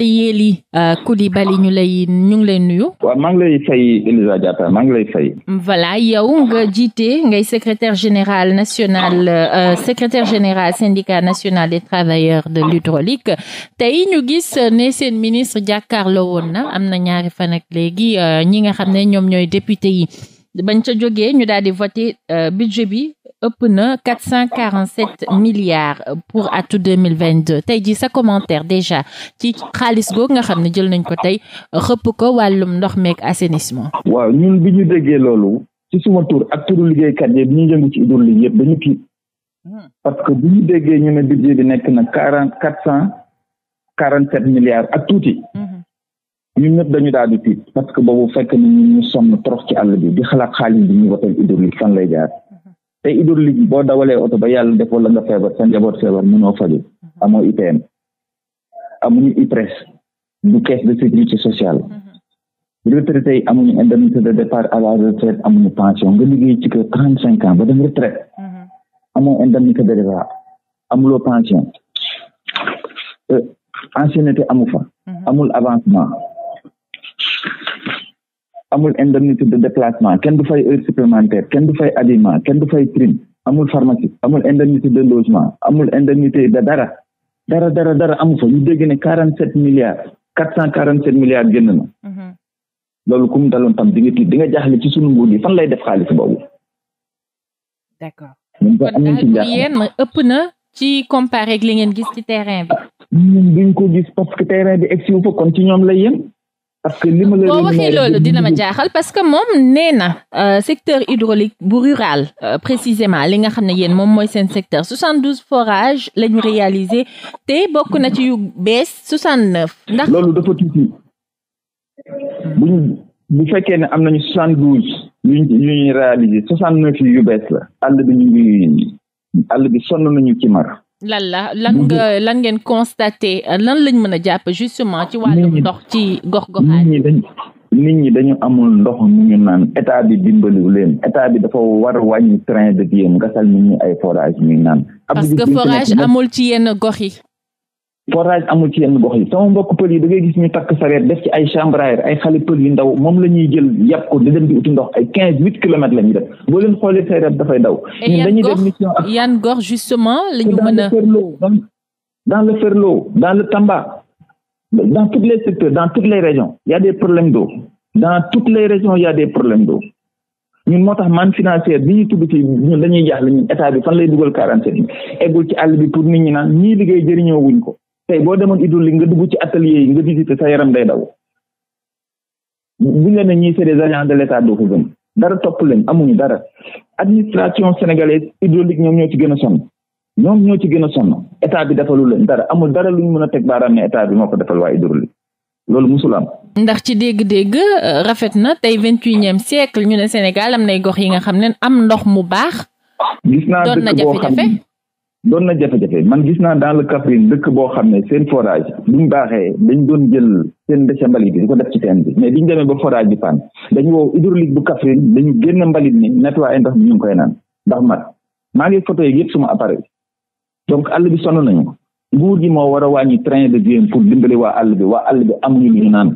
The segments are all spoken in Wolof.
Yéli uh, Coulibaly ñu lay ñu ngi lay nuyu. waaw maa ngi lay fay Elisa Diatta maa ngi lay fay. voilà yow nga jiite ngay secrétaire général national uh, général syndicat national des travailleurs de l'hydraulique tey ñu gis ne seen ministre jàkkaarloo woon na am na ñaari fan ak léegi euh, ñi nga xam ne ñoom ñooy député yi bañ ca jógee ñu daal di voté euh, budget bi. ëpp na 447 milliards pour atu 2022 tey ji sa commentaire déjà ci xaalis googu nga xam ne jël nañ ko tey xëpp ko wàllum ndox meek assainissement waaw ñun bi ñu déggee loolu ci suma tur ak turu liggéeykat yi bi ñu yëngu ci hydraulique yëpp dañu kii hmm. parce que bu ñu déggee ñu ne budget bi nekk na quarante quatre cent quarante sept milliards ak tuuti hmm. ñun ñëpp dañu daal di tiit parce que boobu fekk na ñu sonn trop ci àll bi di xalaat xaalis bi ñu watal hydraulique fan lay jaar te hydraulique boo dawalee oto ba yàlla def wala nga feebar sa njaboot feebar mënoo faju mm-hmm. amoo IPM amuñu IPRES du caisse de sécurité sociale mm-hmm. retraité yi amuñu indemnité de a à la retraite amuñu pension nga liggéey ci kër trente cinq ans ba dem retraite mm-hmm. amoo indemnité de départ amuloo pension euh, ancienneté amu fa amul avancement amul indemnité de déplacement kenn du fay heure supplémentaire kenn du fay habillement kenn du fay prime amul pharmacie amul indemnité de logement amul indemnité de dara dara dara dara amu fa ñu dégg ne quarante sept milliards quatre cent quarante sept milliards génn na mhm. loolu kum daloon tam di nga tiit di nga jaaxle ci sunu nguur gi fan lay def xaalis boobu d'accord yéen ëpp na ci comparé ak li gis ci terrain bi ñun duñ ko gis parce que terrain parce que li ma la. boo waxee loolu dina ma jaaxal parce que moom nee na euh, secteur hydraulique bu rural euh, précisément li nga xam ne yéen moom mooy seen secteur 72 forages la ñu réalisé te bokk na ci yu bees 69. ndax loolu dafa tuuti bu bu fekkee ne am nañu 72 yu ñu yu ñu réalisé 69 yu bees la àll bi ñu ngi àll bi sonn nañu ci mar. lan la lan nga lan ngeen constaté lan lañ mën a jàpp justement ci wàllum ndox ci gox goxaan nit ñi dañu amul ndox mu ñu naan état bi dimbaliwu leen état bi dafa war wàññi train de vie am gasal ñu ay forage ñuy naan parce forage amul ci yenn gox forage amul ci yenn gox yi sama mbokk pël yi da ngay gis ñu takk sareet def ci ay chambre à ay xale pël yu ndaw moom la ñuy jël yàpp ko di dem di uti ndox ay quinze huit kilomètres la ñuy def boo leen xoolee sareet dafay daw ñun dañuy def mission ak yan gox justement la ñu mën a dans le Ferlo dans le Tamba dans tous les secteurs dans toutes les régions y a des problèmes d'eau dans toutes les régions y a des problèmes d'eau ñun moo tax man financière bi ñu tudd ci ñun dañuy jaaxle ñun état bi fan lay dugal quarante sept ci àll bi pour nit ñi ñii liggéey jëriñoo wuñ ko tey boo demoon hydraulique nga dugg ci atelier yi nga visiter sa yaram day daw buñ la ñi ñii c'est de l'état doo ko gëm dara topp leen amuñu dara administration sénégalaise hydraulique ñoom ñoo ci gën a sonn ñoom ñoo ci gën a sonn état bi defalu leen dara amul dara lu ñu mën a teg baaraam ne état bi moo ko defal waa hydraulique loolu musul am. ndax ci dégg-dégg euh, rafet na tey vingt-et-unième siècle ñu ne Sénégal am nay gox yi nga xam ne am ndox mu baax. gis naa dëkk boo xam doon na doon na jafe-jafe man gis naa dans le Kaffrine dëkk boo xam ne seen forage bu mu baaxee dañ doon jël seen déchet mbalit bi di ko def ci teen bi mais bi ñu demee ba forage bi pan dañu wow hydraulique bu Kaffrine dañu génn mbalit ni nettoyé ndox bi ñu ngi koy naan ndax mat maa ngi photo yi yëpp suma donc àll bi sonn nañu nguur gi moo war a wàññi train de vie pour dimbali àll bi waa àll bi amuñu lu ñu naan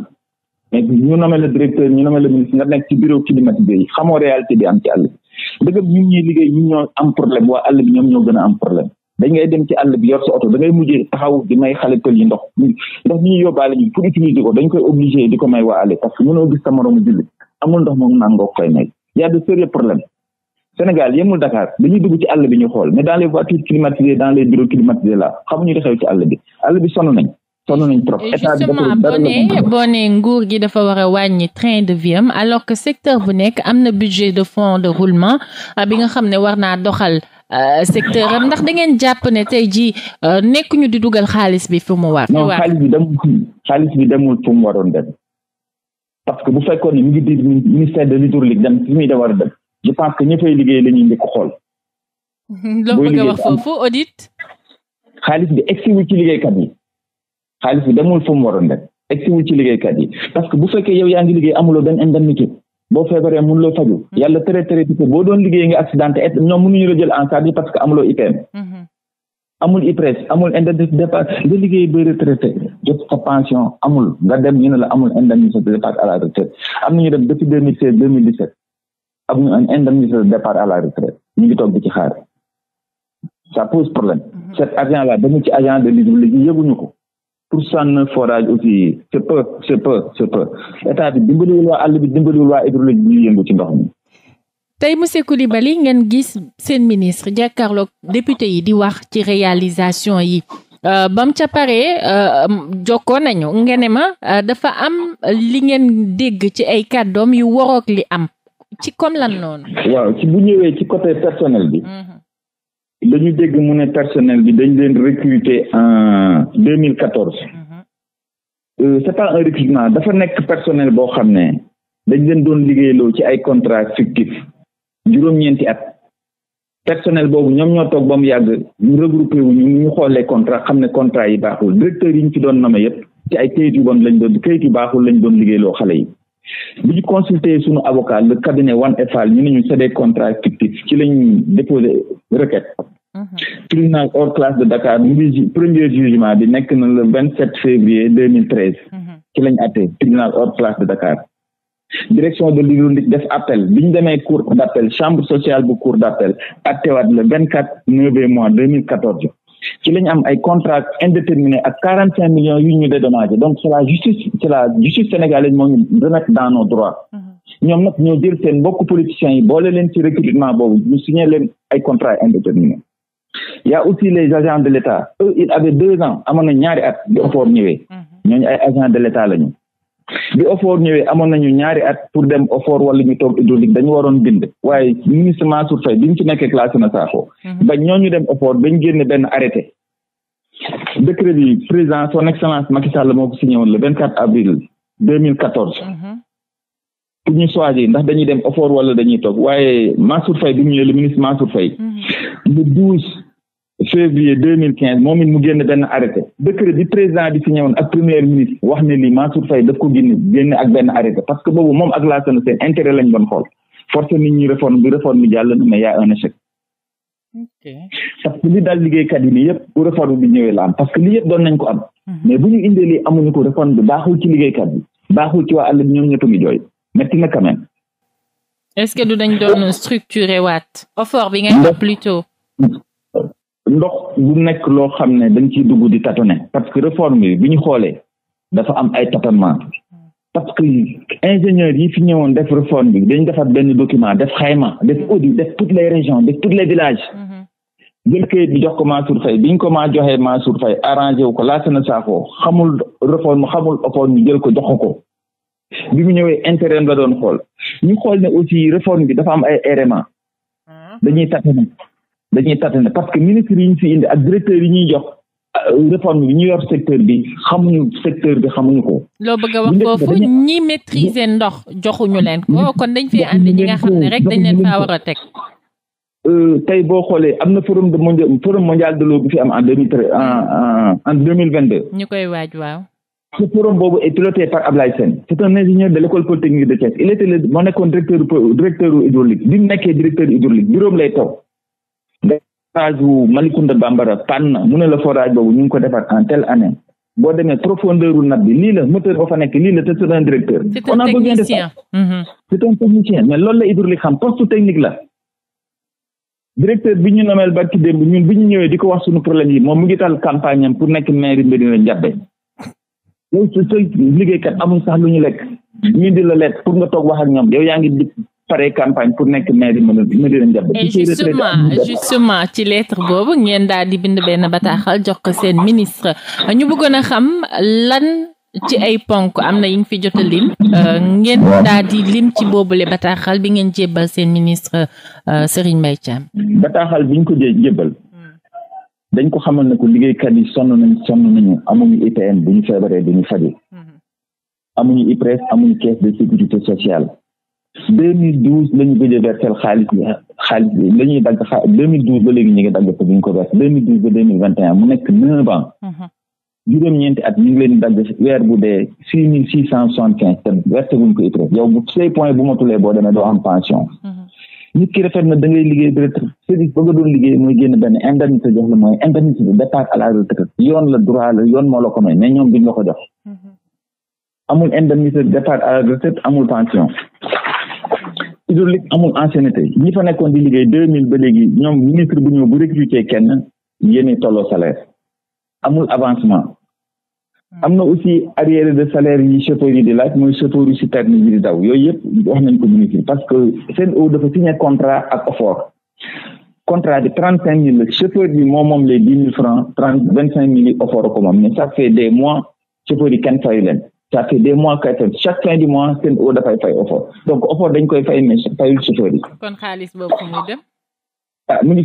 mais ñu nommé le directeur ñu nommé le ministre nga nekk ci bureau climatisé yi xamoo réalité bi am ci àll bi dëgg ñun ñuy liggéey ñun ñoo am problème waa àll bi ñoom ñoo gën a am problème dañ ngay ci àll bi yor sa oto da ngay mujjee taxaw di may xale pël yi ndox bi ñu pour utiliser ko dañ koy àll parce que mënoo gis sa moromu jullit amul ndox moom naan nga a de sérieux problème Sénégal dañuy dugg ci àll bi ñu xool mais dans les voitures climatisées dans les ci àll bi àll bi trop état bi nguur gi dafa war a wàññi train de vie am alors que secteur bu nekk am na budget de fonds de roulement ah, bi nga xam ne war naa doxal Euh, secteur am ndax da ngeen jàpp ne tey jii euh, nekkuñu di dugal xaalis bi fu mu war. non xaalis bi demul xaalis bi demul fu mu waroon dem parce que bu fekkoon ne mi ngi di ministère de l'hydraulique dem fi muy da war a dem je pense que ñëppay liggéey la xool. loo bëgg a wax foofu audit. xaalis bi egsiwul ci liggéeykat yi xaalis bi demul fu mu waroon dem egsiwul ci liggéeykat yi parce que bu fekkee yow yaa ngi liggéey amuloo benn indemnité. boo feebaree mënuloo faju mm-hmm. yàlla tere tere boo doon liggéey nga accidenté et ñoom mënuñu la jël en charge parce que amuloo IPM mm-hmm. amul IPRES amul indemnité de nga liggéey ba retraité jot sa pension amul nga dem ñu ne la amul indemnité de à la retraite am nañu dem depuis deux mille seize deux mille dix sept am ñu un à la retraite ñu ngi toog di ci xaar ça pose problème mm-hmm. cet agent ba mu ci agent de liggéey yëguñu ko pour sànn forage aussi c'est peu c'est peu c'est bi dimbaliwul waa àll bi dimbaliwul waa hydraulique bi ñuy yëngu ci ndox mi. tey monsieur Coulibaly ngeen gis seen ministre jàkkaarloog député yi di wax ci réalisation yi euh, bam ca pare euh, jokkoo nañu ngeen ma euh, dafa am li ngeen dégg ci ay kàddoom yu waroog li am ci comme lan noonu. waaw ci bu ñëwee ci côté personnel bi. Mhm. dañu dégg mu ne personnel bi dañ leen recruter en deux mille quatorze mhm. euh, c'est pas un recrutement dafa nekk personnel boo xam ne dañ leen doon liggéeyloo ci ay contrat fictif juróom-ñeenti at personnel boobu ñoom ñoo toog ba mu yàgg ñu regroupé wu ñu ñu xoolee contra xam ne contrat yi baaxul directeur yi ñu fi doon nommé yëpp ci ay kayit yu bon lañ doon kayit yu baaxul lañ doon liggéeyloo xale yi bi ñu consulté suñu avocat le cabinet Wan et ñu ne ñu c'est des contrats fictifs ci lañ déposé requête tribunal mhm. hors classe de Dakar mu premier jugement bi nekk na le vingt sept février deux mille treize mhm. ci lañ àtte tribunal hors classe de Dakar direction de l'hydraulique def appel bi demee cour d'appel chambre sociale bu cour d'appel attewaat le vingt quatre neuvième mois deux mille quatorze ci lañ am ay contrat indéterminé ak quarante cinq millions yu ñu dédommagé donc c'est la justice c'est la justice dans nos droits mhm. ñoom nag ñoo jël seen mbokku y' a aussi les agents de l' état eux ils avaient deux ans amoon na ñaari at bi OFOR ñëwee mhm. ñooñu ay agents de l' état lañu bi OFOR ñëwee amoon nañu ñaari at pour dem OFOR wala ñu toog hydraulique dañu waroon bind waaye ministre Mansour Faye bi mu nekkee classé na Sakho mhm. ba ñooñu dem OFOR bañ génne benn arrêté décret bi président son excellence Macky Sall moo ko signé woon le 24 avril 2014. pour ñu choisir ndax dañuy dem effort wala dañuy toog waaye Mansour Faye bi mu ñëwee le ministre Mansour Faye mhm. le douze février deux mille quinze moom it mu génn benn arrêté décret bi président bi signé woon ak premier ministre wax ne lii Mansour Faye daf ko génn génn ak benn arrêté parce que boobu moom ak laasana seen intérêt lañ doon xool forcé nit ñi réforme bi jàll na mais y a un parce que li daal liggéeykat yi nii yëpp bu réforme bi ñëwee la am parce metti na quand est-ce que du dañ doon structuré waat. effort bi ngay def plutôt. ndox bu nekk loo xam ne dañ ciy dugg di tâtonner parce que réforme bi bi ñu xoolee dafa am ay tâtonnement parce que ingénieurs yi fi ñëwoon def réforme bi dañ defar benn document def xayma def audit def toutes les régions def tous les villages mm-hmm. jël kayit jox ko Mansour Faye bi ñu ko maa joxee Mansour Faye arrangé wu ko laata na saako xamul réforme xamul effort ñu jël ko jox ko bi mu ñëwee intérêt la doon xool ñu xool ne aussi réforme bi dafa am ay éléments dañuy tàttane dañuy tàttane parce que ministre yi ñu fi indi ak directeur yi ñuy jox euh, réforme bi ñu yor secteur bi xamuñu secteur bi xamuñu ko. loo bëgg a wax foofu ñi maîtriser ndox joxuñu leen ko kon dañ fi andi ñi nga xam ne rek dañ leen faa war a teg. Euh, tey boo xoolee am na forum de mondial forum mondial de l'eau bi fi am en deux mille en en mille vingt deux. ñu koy waaj waaw. ce forum boobu est piloté par Ablaye Sène c'est un ingénieur de l'école polytechnique de Thiès il était le nekkoon directeur directeur hydraulique mu nekkee directeur hydraulique bureau lay taw forage wu Malicounda Bambara mu ne la forage boobu ñu ngi ko defar en telle année boo demee profondeur u nab bi lii la moteur ba fa nekk lii la te c'est un directeur de ça mm-hmm. c'est technicien mais loolu la hydraulique xam poste technique la directeur bi ñu nomeel barki démb ñun bi ñu ñëwee di ko wax sunu problème yi moom mu ngi tal campagne am pour nekk yow su liggéeykat amul sax lu ñu lekk ñu di la lekk pour nga toog wax ak ñoom yow yaa ngi di pare campagne pour nekk maire mën Médina Ndiabe. et justement justement ci lettre boobu ngeen daal di bind benn bataaxal jox ko seen ministre ñu bëggoon a xam lan. ci ay ponk am na yi nga fi jot a lim euh, ngeen daal di lim ci boobule bataaxal bi ngeen jébbal seen ministre euh, Serigne Mbaye Thiam bataaxal bi ñu ko jébbal dañ ko xamal ne ko liggéeykat yi sonn nañ sonn nañu amuñu IPM bu ñu feebaree du ñu faje mm-hmm. amuñu IPRES amuñu caisse de sécurité sociale deux mille douze la ñu gëj a xaalis bi dagg xaalis deux mille douze ba ñu ngi dagg te duñ ko verse deux mille vingt et un mu nekk neuf mm-hmm. juróom-ñeenti at ñu ngi leen dagg weer bu dee six mille six cent soixante quinze te verse guñ ko IPRES bu say point bu ma boo demee doo am pension mm-hmm. nit ki rafet na da liggéey ba retraite service doon liggéey mooy génn benn indemnité jox la mooy indemnité de départ à la yoon la droit la yoon moo la ko may mais ñoom duñ la ko jox mm-hmm. amul indemnité de départ à la retraite amul pension hydraulique amul ancienneté ñi fa nekkoon di liggéey deux mille ba léegi ñoom ministre bu ñëw bu recruter kenn yéen tolloo salaire amul avancement Hmm. am na aussi arriéré de salaire yi chauffeur yi di laaj mooy chauffeur yu si terne di daw yooyu yëpp wax nañ ko ministre parce que Sen'Eau dafa signé contrat ak Ofor contrat de trente cinq mille la chauffeur moom moom les dix mille francs vingt cinq mille yi Ofor ko moom mais ça fait des mois chauffeur yi kenn fayu leen ça fait des mois kay fay chaque fin du mois Sen'Eau dafay fay Ofor donc Ofor dañ koy fay mais fayul chauffeur yi. mu dem. ah mu ngi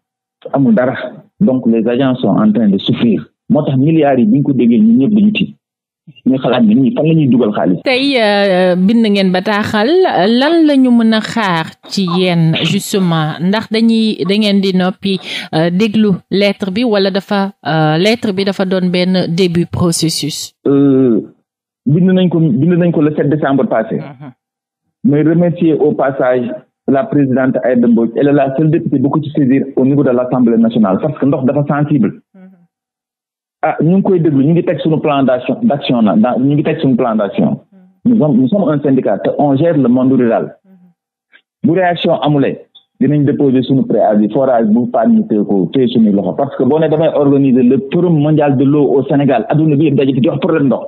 amul dara donc les agents sont en train de souffrir moo tax milliards yi bi ñu ko déggee ñun ñëpp dañu tiit ñu xalaat ni la ñuy dugal xaalis. tey euh, bind ngeen bataaxal lan la ñu mën a xaar ci yéen justement ndax dañuy da ngeen di noppi euh, déglu lettre bi wala dafa euh, lettre bi dafa doon benn début processus. bind nañ ko bind nañ ko le 7 décembre passé. Mm-hmm. mais remercier au passage. la présidente Aïda Mbodj elle est la seule députée bu ko ci saisir au niveau de l'Assemblée nationale parce que ndox dafa sensible mm-hmm. ah ñu ngi koy déglu ñu ngi teg suñu plan d'action na ñu ngi teg suñu plan d'action mm-hmm. nous sommes un syndicat te on gère monde rural mm-hmm. bu réaction amulee dinañ déposer suñu préavis forage bu paan ñu téye ko téye loxo parce que boo damay organiser le forum mondial de l'eau au Sénégal adduna bi yëpp daje fi jox problème ndox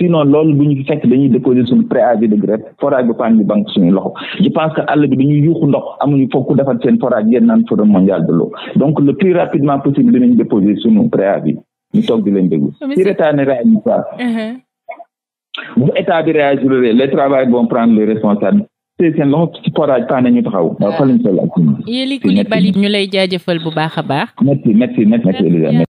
sinon loolu bu ñu fekk dañuy déposer suñu préavis de grève forage bu paan ñu banque suñu loxo je pense que àll bi dañuy yuuxu ndox amuñu foog ku defar seen forage yéen naan forum mondial de l'eau donc le plus rapidement possible dinañ déposer suñu préavis ñu toog di leen déglu si rétat ne réagi pas uh-huh. bu état bi réagir les travailleurs vont prendre les seen loxo ci forage paan ñu taxaw waaw fa lañ toll ñu lay jaajëfal bu baax a baax